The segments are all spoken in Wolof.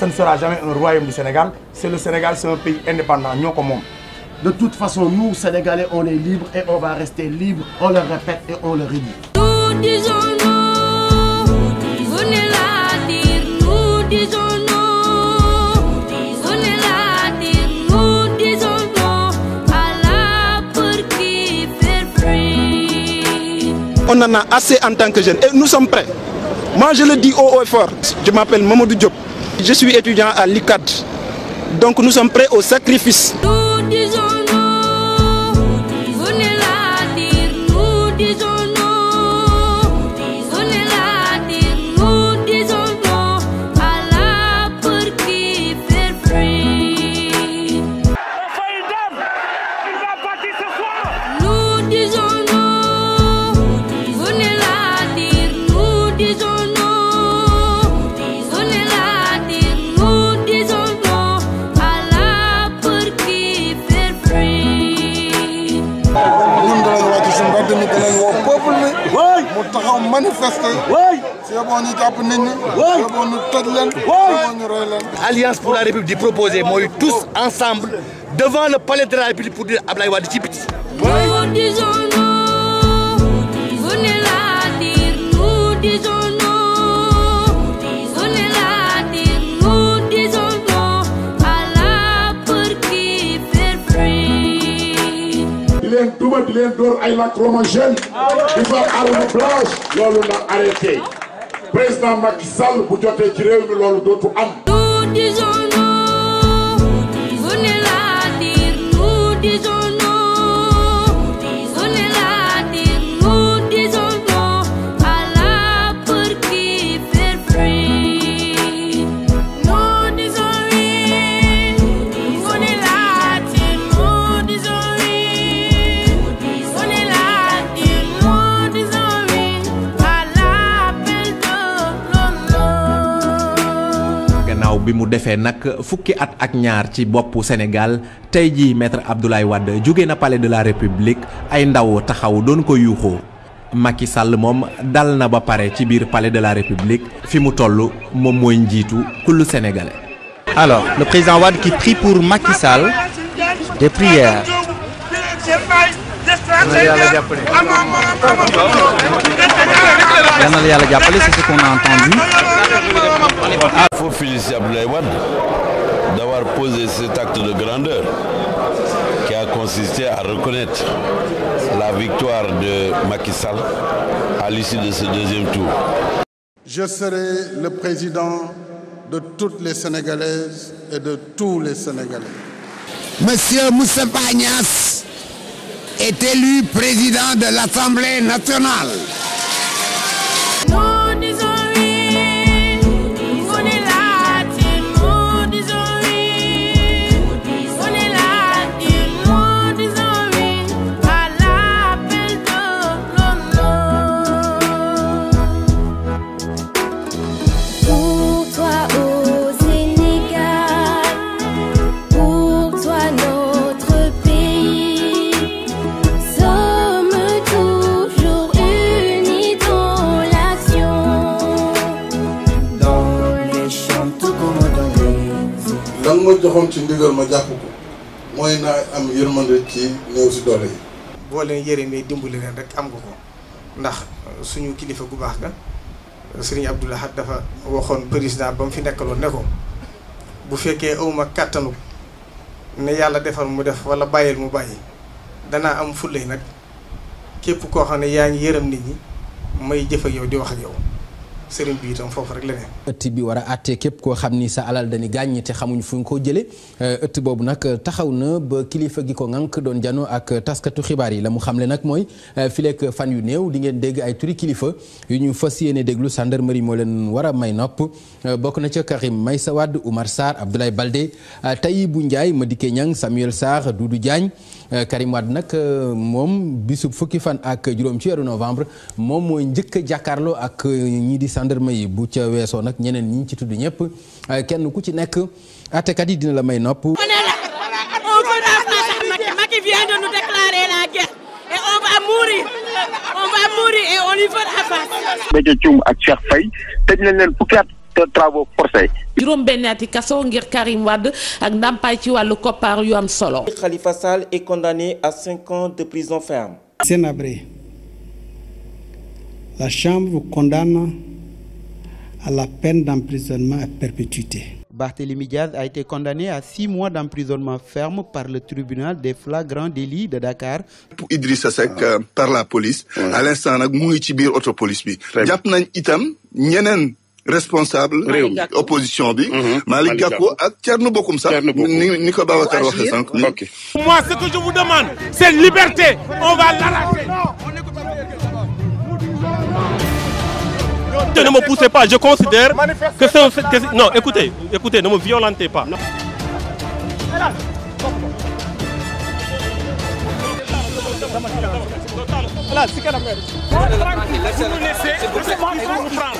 ce ne sera jamais un royaume du Sénégal c'est le Sénégal c'est un pays indépendant ñoo ko moom de toute façon nous Sénégalais on est libre et on va rester libre on le répète et on le redit nous disons non on est là à dire nous disons non on est là à dire nous disons non à la peur qui fait fuir on en a assez en tant que jeunes et nous sommes prêts moi je le dis haut et fort je m'appelle Mamadou Diop Je suis étudiant à l'ICAD, donc nous sommes prêts au sacrifice. ñu jàpp nit ñi. waaw yóbboo ñu toj leen. waaw ñu roy leen. alliance pour la république di proposer mooy tous ensemble devant le palais de la république pour dire Ablaye Wade ci biti. leen duma di leen door ay lacrymogène ah di fa arme blanche loolu na arrêté président Macky Sall bu jotee ci réew mi loolu dootu am. defee nag fukki at ak ñaar ci boppu Sénégal tey jii maître Abdoulaye Wade jóge na palais de la République ay ndaw taxaw doon ko yuuxoo Macky Sall moom dal na ba pare ci biir palais de la République fi mu toll moom mooy njiitu kullu sénégalais. Alors, le président Wade qui prie pour Macky Sall yal na la yàlla jàppale c'est ce qu'on a entendu. ah il faut féliciter Abdoulaye Wade d'avoir posé cet acte de grandeur qui a consisté à reconnaître la victoire de Macky à l'issue de ce deuxième tour. Je serai le président de toutes les Sénégalaises et de tous les Sénégalais. Monsieur Moussa Bagnas est élu président de l'Assemblée nationale. joxoon ci ndigal ma jàpp ko mooy naa am yërmande ci néew si doole yi. boo leen yërëmee dimbali leen rek am ko ko ndax suñu kilifa gu baax ga sëriñ Abdou Lahad dafa waxoon président ba mu fi nekkaloon ne ko bu fekkee awma kàttanu ne yàlla defal mu def wala bàyyeel mu bàyyi danaa am fulla yi nag képp koo xam ne yaa ngi yërëm nit ñi may jëf ak yow di wax ak yow. sëriñ bi itam foofu rek la ne. ëtt bi war àttee képp koo xam ni sa alal dañu gàññi te xamuñ fu ñu ko jëlee euh, ëtt boobu nag taxaw na ba kilifa gi ko ŋànk doon janoo ak taskatu xibaar yi la mu xamle nag mooy euh, fileek fan yu néew di ngeen dégg ay turi kilifa yu ñu fas yéene déglu gendarmerie moo leen war a may nopp euh, bokk na ca Karim Meïssa Wade Oumar Sarr Abdoulaye Baldé Tahibou Ndiaye Madické Niang Samuel Sarr Doudou Diagne Karim Wade nag moom bisu fukki fan ak juróom ci weeru novembre moom mooy njëkk a ak ñi di gendarme yi bu ca weesoo nag ñeneen ñi ci tudd ñëpp kenn ku ci nekk àttekat yi dina la may nopp. on ak Cheikh Faye tëj nañ leen fukki at te travaux forcés. juróom benn ati kaso ngir Karim Wade ak ndàmpaay ci wàllu koppar yu am solo. Khalifa Sall est condamné à cinq ans de prison ferme. Senabré, la chambre condamne à la peine d'emprisonnement à perpétuité. Barthélémy Diaz a été condamné à six mois d'emprisonnement ferme par le tribunal des flagrants délits de Dakar. Idrissa Seck euh, par la police. à l'instant nag mu ci biir auto police bi. jàpp nañ itam ñeneen. responsable opposition bi mhm. Malick Gakou ak Thierno Bokoum sax ni ni ko Babacar waxee liberté on Écoutez, ne me poussez pas, je considère que c'est un fait... Que non, écoutez, écoutez, ne me violentez pas. Non. Là, c'est quelle affaire Vous me laissez, laissez-moi prendre.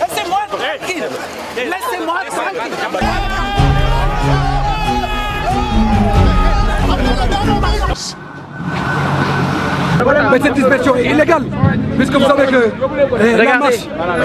Laissez-moi tranquille. Laissez-moi tranquille. Mais cette dispersion est illégale, puisque vous savez que eh, la marche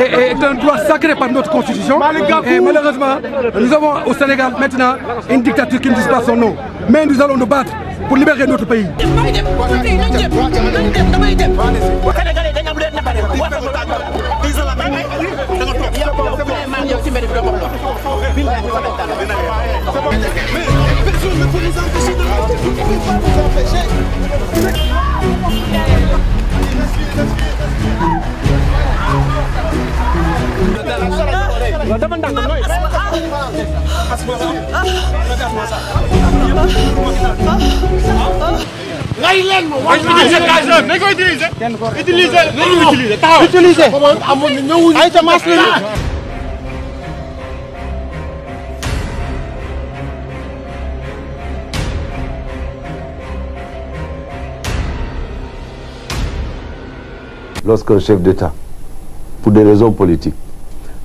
est, un droit sacré par notre constitution. malheureusement, nous avons au Sénégal maintenant une dictature qui ne dit son nom. Mais nous allons nous battre pour libérer notre pays. rey leen ma wax naa leen lorsqu'un chef d'État, pour des raisons politiques,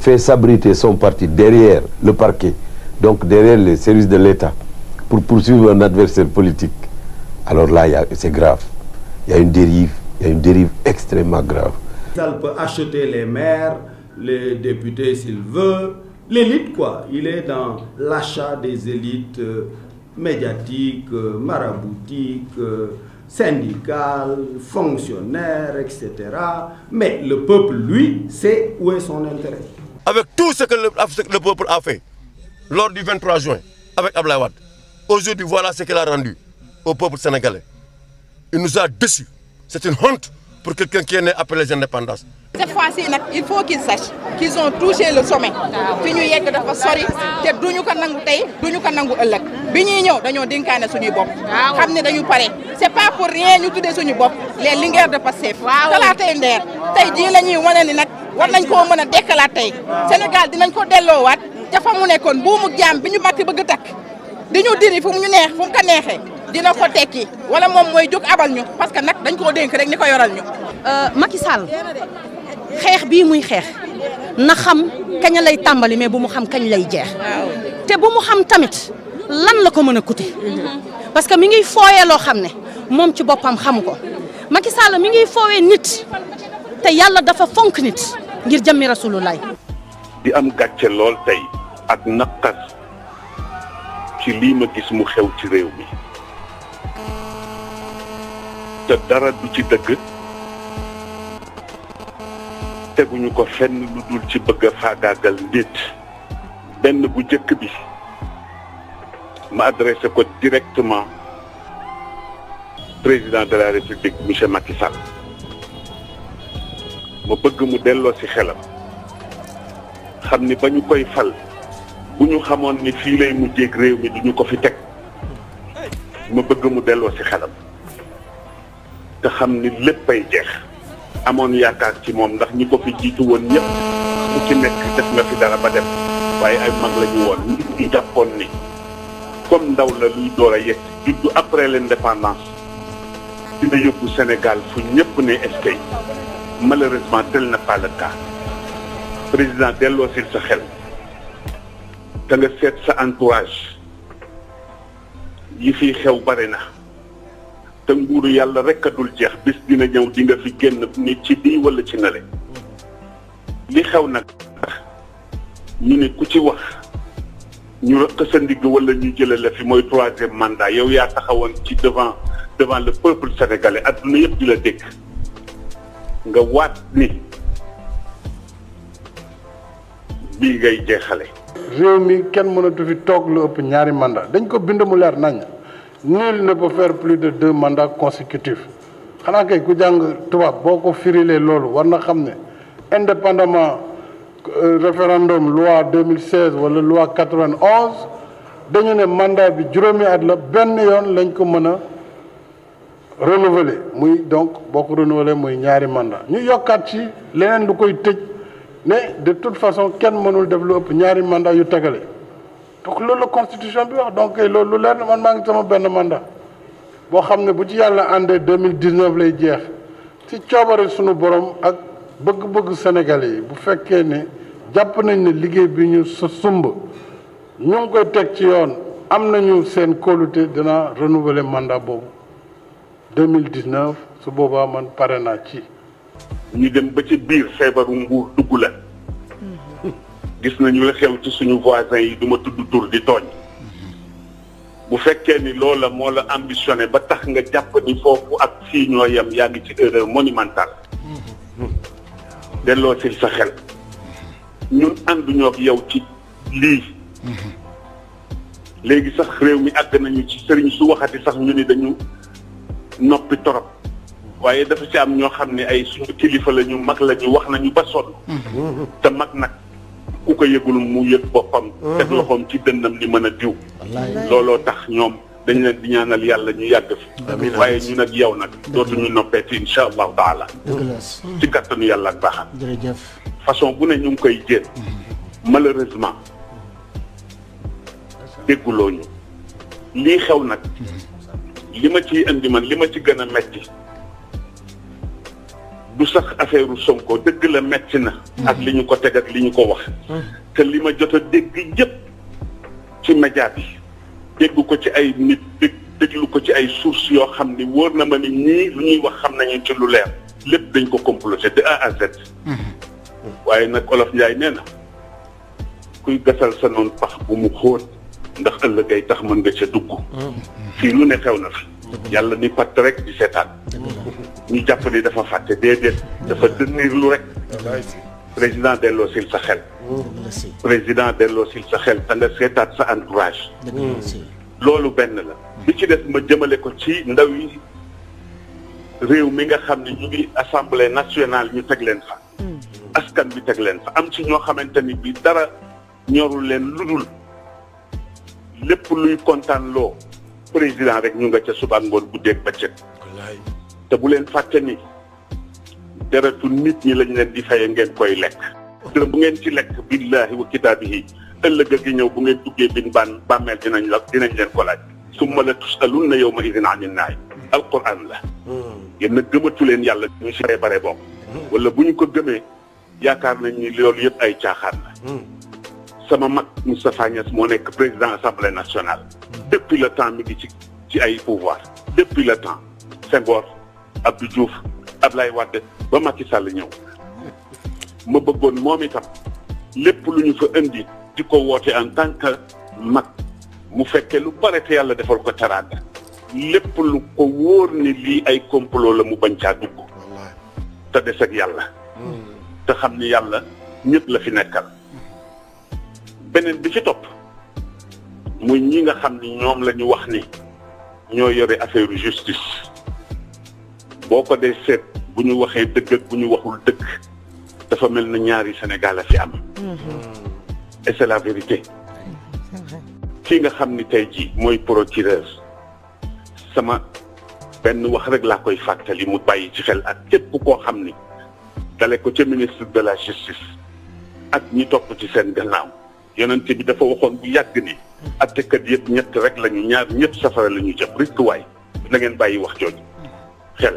fait s'abriter son parti derrière le parquet, donc derrière les services de l'État pour poursuivre un adversaire politique, alors là, c'est grave. Il y a une dérive, il extrêmement grave. Il les maires, les députés s'il veut, l'élite quoi. Il est dans l'achat des élites euh, médiatiques, euh, maraboutiques, euh, syndicales, fonctionnaires, etc. Mais le peuple, lui, sait où est son intérêt. Avec tout ce que le, le peuple a fait, lors du 23 juin avec Ablaye Wade aujourd'hui voilà ce qu'il a rendu au peuple sénégalais il nous a déçus c'est une honte pour quelqu'un qui est né après les indépendances cette fois-ci il faut qu'ils sachent qu'ils ont touché le sommet fi ñu yegg dafa sori te duñu ko nangu tey duñu ko nangu ëllëg bi ñuy ñëw dañoo dénkaane suñuy bopp xam ne dañu pare c'est pas pour rien ñu tuddee suñu bopp les linguères de Pastef talaatay ndeer tey jii la ñuy wane ni nag war nañ koo mën a dekkalaat di Sénégal dinañ ko delloowaat ca fa mu nekkoon buumu jaam bi ñu Macky bëgg takk di ñu diri fu ñu neex fu mu ko neexee dina ko tekki wala moom mooy jóg abal ñu parce que nag dañ ko dénk rek ni ko yoral ñu. Euh, Macky Sall xeex bii muy xeex na xam kañ lay tàmbali mais bu mu xam kañ lay jeex. te bu mu xam tamit lan la ko mën a coûter. Mm-hmm. parce que mi ngi fooyee loo xam ne moom ci boppam xamu ko Macky Sall mi ngi foowee nit te yàlla dafa fonk nit ngir jëmmi rasulullah di am gàcce lool tey ak naqas ci lii ma gis mu xew ci réew mi te dara du ci dëgg teguñu ko fenn lu dul ci bëgg a faagaagal nit benn bu jëkk bi ma adressé ko directement président de la république monsieur Macky ma bëgg mu delloo ci xelam xam ni ba ñu koy fal bu ñu xamoon ni fii lay mujjeeg réew mi duñu ko fi teg ma bëgg mu delloo ci xelam te xam ni lépp ay jeex amoon yaakaar ci moom ndax ñi ko fi jiitu woon ñëpp ku ci nekk def nga fi dara ba dem waaye ay mag la ñu woon ñu jàppoon ni comme ndaw la luy door a yegg juddu après l'indépendance dina yóbbu Sénégal fu ñëpp ne eskay malheureusement tel n'est pas président delloo sil sa xel danga seet sa entourage yi fi xew bari na te nguuru yàlla rek a dul jeex bis dina ñëw di nga fi génn nit ci di wala ci nale li xew nag ñu ne ku ci wax ñu rëq sa ndigg wala ñu jële la fi mooy troisième mandat yow yaa taxawoon ci devant devant le peuple sénégalais adduna yëpp di la dégg nga waat ni bii ngay jeexale réew mi kenn mënatu fi toog lu ëpp ñaari mandat dañ ko bind mu leer nañ nul ne peut faire plus de deux mandats consécutifs xanaa kay ku jàng tubaab boo ko firilee loolu war na xam ne indépendamment euh, référendum loi 2016 wala loi 91 dañu ne mandat bi juróomi at la benn yoon lañ ko mën a renouveler muy donc boo ko renouveler muy ñaari mandat ñu yokkaat ci leneen lu koy tëj ne de tout façon kenn mënul def lu ëpp ñaari mandat yu tegale donc loolu la constitution bi wax donc loolu lu leer na man maa ngi sama benn mandat boo xam ne bu ci yàlla àndee deux mille dix-neuf lay jeex ci coobare suñu borom ak bëgg-bëgg Sénégalais yi bu fekkee ne jàpp nañ ne liggéey bi ñu sa sumb ñu ngi koy teg ci yoon am nañu seen kóolute dina renouvelle mandat boobu deux mille dix-neuf su boobaa man pare naa ci. ñu dem ba ci biir feebaru mbuur dugg la gis nañu la xew ci suñu voisin yi duma tudd tur di tooñ bu fekkee ni loola moo la ambitionné ba tax nga jàpp ni foofu ak fii ñoo yem yàgg ci erreur monumentale delloo sil sa xel ñun ànduñoo ak yow ci lii léegi sax réew mi àgg nañu ci sëriñ su waxati sax ñu ni dañu noppi torop waaye dafa ci am ñoo xam ne ay suñu kilifa la ñu mag la ñu wax nañu ba sonn. Mm-hmm. te mag nag ku ko yëgul mu yëg boppam. Mm-hmm. teg loxoom ci dënnam ni mën a diw. looloo tax ñoom dañ leen di ñaanal yàlla ñu yàgg fi. waaye ñu nag yow nag. dootuñu noppeeti incha allahu taala. Mm-hmm. ci kattanu yàlla ak baaxam. jërëjëf façon bu ne ñu ngi koy jéem. malheureusement dégguloo ñu lii xew nag li ma ciy indi man li ma ci gën a metti du sax affaire Sonko dëgg la metti na. ak li ñu ko teg ak li ñu ko wax. te li ma jot a dégg yëpp ci média bi dégg ko ci ay nit dégg déglu ko ci ay sources yoo xam ni wóor na ma ni ñii lu ñuy wax xam nañu ci lu leer lépp dañ ko comploté de A à waaye nag olof Ndiaye nee na kuy gasal sa noon pax bu mu xóot ndax ëllëg ay tax mën nga ca dugg. Mm. fii lu ne xew na fi. Mm-hmm. yàlla ni patt rek di seetaan. ñu jàpp ni dafa fàtte déedéet dafa dënniir lu rek président delloo sil sa xel président delloo sil sa xel da nga seetaat sa entourage loolu benn la bi ci des ma jëmale ko ci ndaw yi réew mi nga xam ni ñu ngi assemblée nationale ñu teg leen fa askan bi teg leen fa am ci ñoo xamante ni bi dara ñorul leen ludul lépp luy kontaan loo président rek ñu nga ca suba ngoon guddeeg bëccëg te bu leen fàtte ni deretu nit ñi lañ leen di faye ngeen koy lekk te bu ngeen ci lekk billaahi wa kitaabihi ëllëg a gi ñëw bu ngeen duggee bin baan bàmmeel dinañ la dinañ leen ko laaj summa la tusalunna yawma idin anin naay alquran la yéen nag gëmatu leen yàlla ñu si bare bare bokk hmm. wala bu ñu ko gëmee yaakaar na ni loolu yëpp ay caaxaan la hmm. sama mag Moustapha Niass moo nekk président assemblée nationale hmm. depuis le temps mi ngi ci ci ay pouvoir depuis le temps Senghor Abdou Diouf Ablaye Wade ba Macky Sall ñëw ma bëggoon moom itam lépp lu ñu fa indi di ko woote en tant mag mu fekkee lu bare te yàlla defal ko teraanga lépp lu ko wóor ni lii ay complot la mu bañ caa dugg te des yàlla hmm. te xam ni yàlla ñëpp la fi nekkal beneen bi ci topp muy ñi nga xam ni ñoom la wax ni ñoo yore affaire justice boo ko dee seet bu ñu waxee dëgg bu ñu waxul dëgg dafa mel na ñaari Sénégal a fi am. Mm-hmm. et c'est vérité. kii nga xam ni tey jii mooy procureur sama benn wax rek laa koy fàttali mu bàyyi ci xel ak képp koo xam ni dale ko ca ministre de la justice ak ñi topp ci seen gannaaw yonent bi dafa waxoon bu yàgg ni attekat yëpp ñett rek lañu ñaar ñett safara la ñu jëm rikkuwaay na ngeen bàyyi wax jooju. xel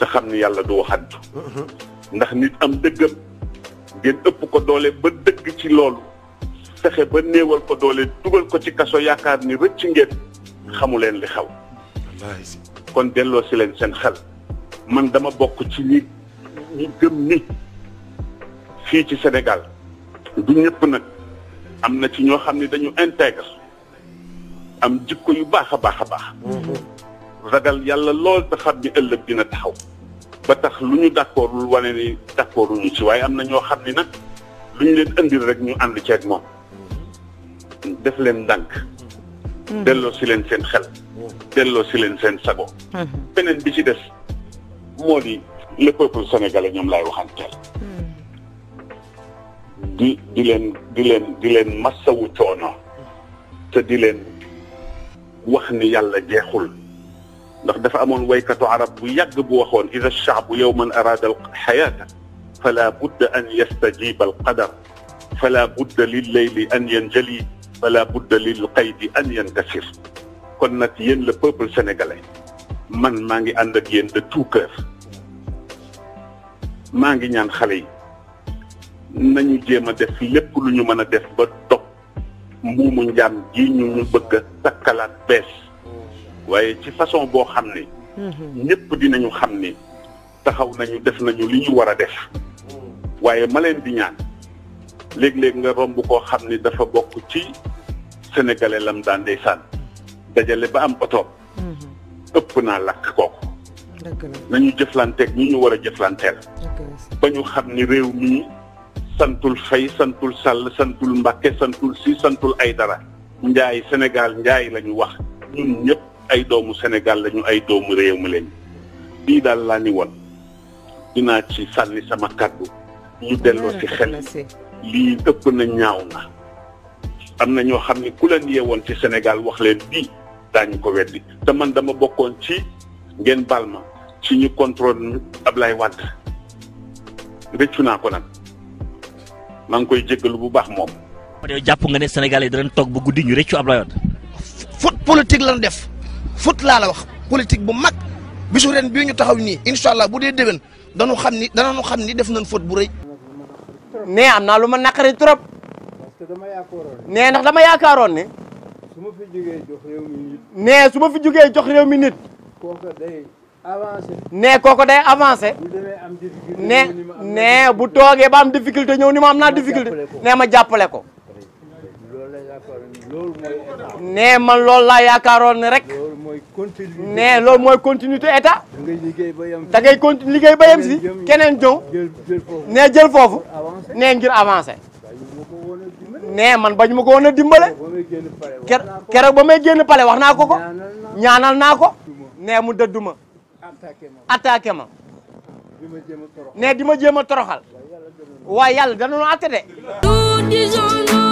te xam ni yàlla du waxantu ndax nit am dëggam ngeen ëpp ko doole ba dëgg ci loolu fexe ba néewal ko doole dugal ko ci kaso yaakaar ni rëcc ngeen xamu leen li xaw kon delloo si leen seen xel man dama bokk ci ñi ñi gëm ni fii ci senegal du ñépp nag am na ci ñoo xam ne dañu intègre am jikko yu baax a baax a baax mm-hmm. ragal yàlla lool te xam ni ëllëg dina taxaw ba tax lu ñu d'accordul wane ni d'accorduñu ci waaye am na ñoo xam ni nag lu ñu leen indil rek ñu ànd ceeg moom def leen ndànk mm-hmm. delloo si leen seen xel mm-hmm. delloo si leen seen sago mm-hmm. beneen bi ci des moo di le peuple sénégalais ñoom laay waxanteel di di leen di leen di leen massawu coono te di leen wax ni yàlla jeexul ndax dafa amoon waykatu arab bu yàgg bu waxoon ida shaabu yowman araada alxayaata fala budda an yastajiba alqadar fala budda lilleyli an yanjali fala budda lilqaydi an yantasir kon nag yéen le peuple sénégalais man maa ngi ànd ak yéen de tout cœur maa ngi ñaan xale yi nañu jéem a def lépp lu ñu mën a def ba dog mbuumu njaam ji ñu mu bëgg a takkalaat waaye ci façon boo xam ne mhm. ñëpp dinañu xam ni taxaw nañu def nañu li ñu war a def waaye ma leen di ñaan léeg-léeg nga romb koo xam ni dafa bokk ci sénégalais lam daan ndeysaan dajale ba am oto mhm. ëpp naa lakk kooku nañu jëflanteeg ñu ñu war a jëflanteel ba ñu xam ni réew mi santul fay santul sàll santul mbàkke santul si santul ay dara njaay senegal njaay lañu ñu wax ñun ñëpp ay doomu senegaal lañu ay doomu réew mi lañu lii daal laa ni woon dinaa ci sànni sama kàddu ñu delloo ci xel lii ëpp na ñaaw na am na ñoo xam ne ku leen yeewoon ci senegaal wax leen bii daañu ko weddi te man dama bokkoon ci ngeen baal ma ci ñu contrôle Ablaye Wade rëccu naa ko nag maa ngi koy jéggalu bu baax moom. yow jàpp nga ne Sénégal yi danañ toog ba guddi ñu rëccu Ablaye Wade. faute politique lan def. foot laa la wax politique bu mag bisu ren bii ñu taxaw nii incha allah bu dee déwén dañu xam ni danañu xam ni def nañ foot bu rëy. nee am naa lu ma naqari trop. nee ndax dama yaakaaroon ne. su ma fi jógee nee su ma fi jógee jox réew mi nit. kooka day avancé. nee kooka day avancé. bu nee bu toogee ba am difficulté ñëw ni ma am naa difficulté. nee ma jàppale ko. nee man lool laa yaakaaroon ne rek. nee lool mooy continuité état. da ngay continue liggéey ba yem si keneen ñëw. nee jël foofu. ne ngir avancé. nee man bañ ma ko woon a dimbale. keroog ba may génn pale wax naa ko ko. ñaanal naa ko. nee mu dëddu ma. ma. nee di ma jéem a toroxal. waaye yàlla danañu atte